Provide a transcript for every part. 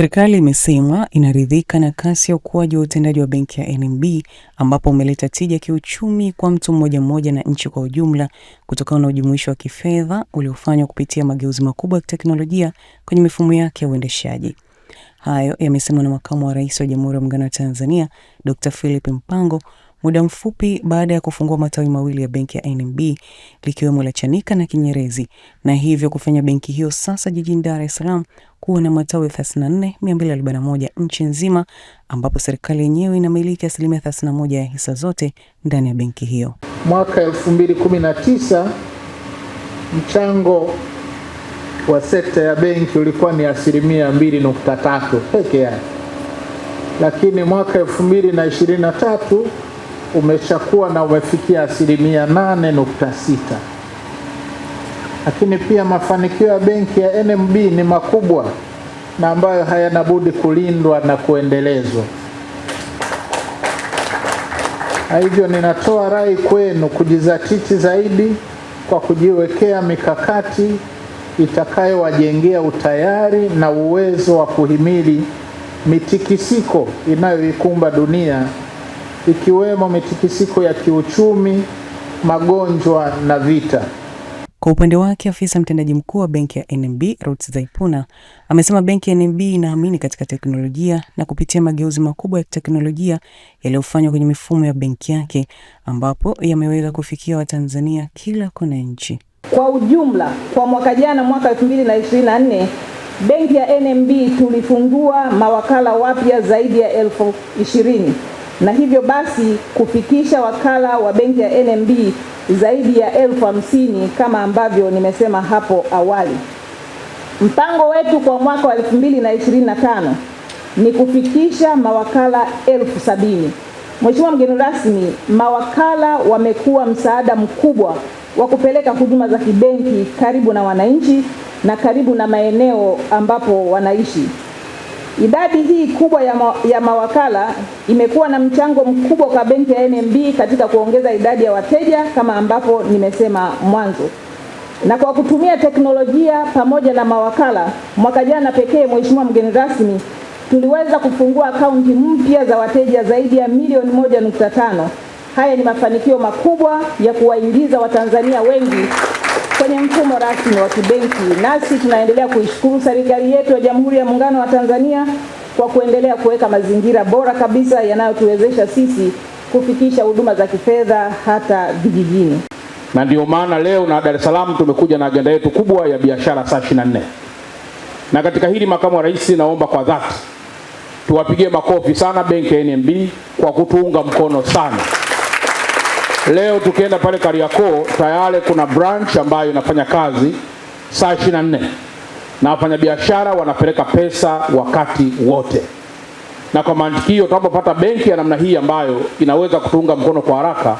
Serikali imesema inaridhika na kasi ya ukuaji wa utendaji wa benki ya NMB ambapo umeleta tija kiuchumi kwa mtu mmoja mmoja na nchi kwa ujumla kutokana na ujumuisho wa kifedha uliofanywa kupitia mageuzi makubwa ya teknolojia kwenye mifumo yake ya uendeshaji. Hayo yamesemwa na Makamu wa Rais wa Jamhuri ya Muungano wa Tanzania, Dr. Philip Mpango muda mfupi baada ya kufungua matawi mawili ya benki ya NMB likiwemo la Chanika na Kinyerezi, na hivyo kufanya benki hiyo sasa jijini Dar es Salaam kuwa na matawi 34241 nchi nzima, ambapo serikali yenyewe inamiliki asilimia 31 ya hisa zote ndani ya benki hiyo. Mwaka 2019 mchango wa sekta ya benki ulikuwa ni asilimia 2.3 peke yake, lakini mwaka 2023 umeshakuwa na umefikia asilimia nane nukta sita. Lakini pia mafanikio ya benki ya NMB ni makubwa na ambayo hayana budi kulindwa na kuendelezwa. Na hivyo ninatoa rai kwenu kujizatiti zaidi kwa kujiwekea mikakati itakayowajengea utayari na uwezo wa kuhimili mitikisiko inayoikumba dunia ikiwemo mitikisiko ya kiuchumi, magonjwa na vita. Kwa upande wake, afisa mtendaji mkuu wa benki ya NMB Ruth Zaipuna amesema benki ya NMB inaamini katika teknolojia na kupitia mageuzi makubwa ya teknolojia yaliyofanywa kwenye mifumo ya benki yake ambapo yameweza kufikia Watanzania kila kona ya nchi. Kwa ujumla, kwa mwaka jana, mwaka 2024 benki ya NMB tulifungua mawakala wapya zaidi ya elfu ishirini na hivyo basi kufikisha wakala wa benki ya NMB zaidi ya elfu hamsini kama ambavyo nimesema hapo awali. Mpango wetu kwa mwaka wa 2025 ni kufikisha mawakala elfu sabini. Mheshimiwa mgeni rasmi, mawakala wamekuwa msaada mkubwa wa kupeleka huduma za kibenki karibu na wananchi na karibu na maeneo ambapo wanaishi. Idadi hii kubwa ya, ma ya mawakala imekuwa na mchango mkubwa kwa benki ya NMB katika kuongeza idadi ya wateja kama ambapo nimesema mwanzo, na kwa kutumia teknolojia pamoja na mawakala, mwaka jana pekee, Mheshimiwa mgeni rasmi, tuliweza kufungua akaunti mpya za wateja zaidi ya milioni moja nukta tano. Haya ni mafanikio makubwa ya kuwaingiza Watanzania wengi rasmi wa kibenki, nasi tunaendelea kuishukuru serikali yetu ya Jamhuri ya Muungano wa Tanzania kwa kuendelea kuweka mazingira bora kabisa yanayotuwezesha sisi kufikisha huduma za kifedha hata vijijini. Na ndio maana leo na Dar es Salaam tumekuja na ajenda yetu kubwa ya biashara saa 24. Na katika hili makamu wa rais, naomba kwa dhati tuwapigie makofi sana benki ya NMB kwa kutuunga mkono sana. Leo tukienda pale Kariakoo tayari kuna branch ambayo inafanya kazi saa 24 na wafanyabiashara wanapeleka pesa wakati wote, na kwa mantiki hiyo tunapopata benki ya namna hii ambayo inaweza kutunga mkono kwa haraka,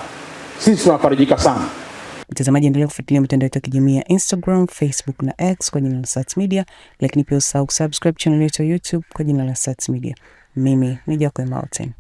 sisi tunafarijika sana. Mtazamaji, endelea kufuatilia mitandao yetu ya kijamii ya Instagram, Facebook na X kwa jina la Sats Media, lakini pia usahau kusubscribe channel yetu ya YouTube kwa jina la Sats Media. Mimi ni Jacob Martin.